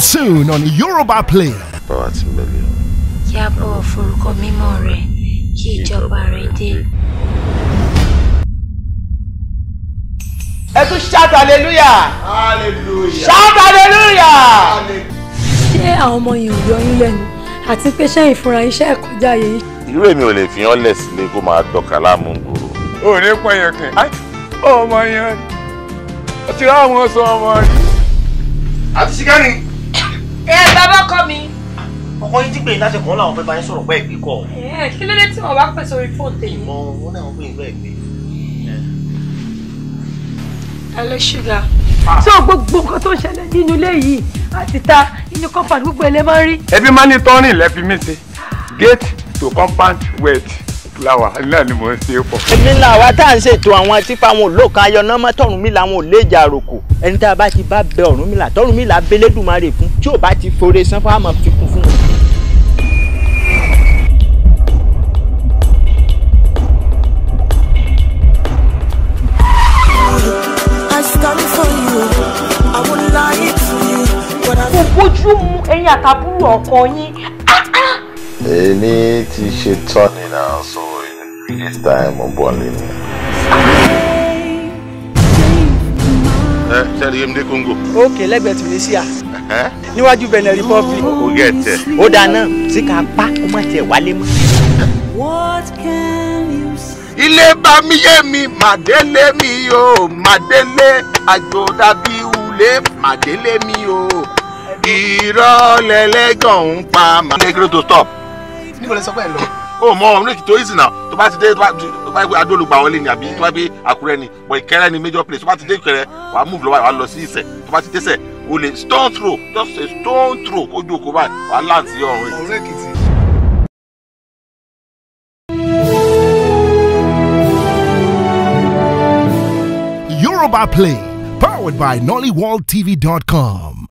soon on Yoruba Play. Ẹ tún shout hallelujah. Hallelujah. Shout hallelujah. Ṣé àwọn ọmọ yìí ò yọ yín lẹ́nu? Àti pé ṣé ìfúnra iṣẹ́ kọjá yìí? Irú èmi ò lè fi hàn lẹ̀ sílé kó máa dọ̀kà láàmú gbòòrò. Ò ní pọ̀yàn kàn. Ọmọ yẹn. Ó ti rá ọmọ rẹ̀ àti ṣìkánì ẹ bàbá ọkọ mi. ọkọ yín ti pè yín láti kàn án làwọn fẹ́ bá yín sọ̀rọ̀ bẹ́ẹ̀ gbé kọ́. ẹ kí ló dé tí wọn bá pèsè orí fóònù tèmi. ìmọ̀ wọn náà wọ́n pè é bẹ́ẹ̀ gbé. Hello, sugar. So ah. gbogbo nǹkan tó ń ṣẹlẹ̀ nínú ilé yìí àti ta inú compound gbogbo ẹ̀ lẹ́ máa ń rí. ẹbí máa ń ní tọ́rìn lẹ́fi mí ṣe gate to compound wait làwà náà ni mò ń ṣe é pọ̀. èmi náà wá tá à ń ṣètò àwọn tí fáwọn olóòkan ayọ̀nà mọ́tọ́rùn mi làwọn ò lè jà roko ẹni tá a bá ti bá bẹ Ọ̀rúnmìlà t'Ọ̀rúnmìlà belédùmarè fún tí ò bá ti fore san fún àmọ́ fi kún fún un. kò bójú mu ẹ̀yin àtàbúrò ọkọ yín. èmi ti ṣe tọ́ni náà sọ. This time mo bọ̀ lé mi. Ẹ ṣe rí Emde Congo. Ókè lẹ́gbẹ̀ẹ́ Tunisia. Níwájú Benin Republic. O gẹ̀ tẹ̀. Ó dáa náà tí ká pa kó má tiẹ̀ wálé mọ́. Ilé bá mi yé mi, màdélé mi o, màdélé àjò dàbí wulé, màdélé mi o. Irọ́ lẹ́lẹ́gàn ń pa màdélé. Negro to stop. Níbo lẹ sọ pé ẹ lọ? ó mọ ọ̀run èkìtì oríṣi náà tó bá ti dé tó bá gbé adólùgbà wọlé ni àbí tó bá gbé àkúrẹ́ ni bọ̀ ìkẹrẹ́ ni major place tó bá ti dé ìkẹrẹ́ wàá move lọ́wọ́ wàá lọ sí ìsẹ̀ tó bá ti dé sẹ̀ o lè stone throw just a stone throw kójú òkú báyìí wàá land sí ọ̀run èkìtì. Yoruba Play, powered by NollyWorldTV.com.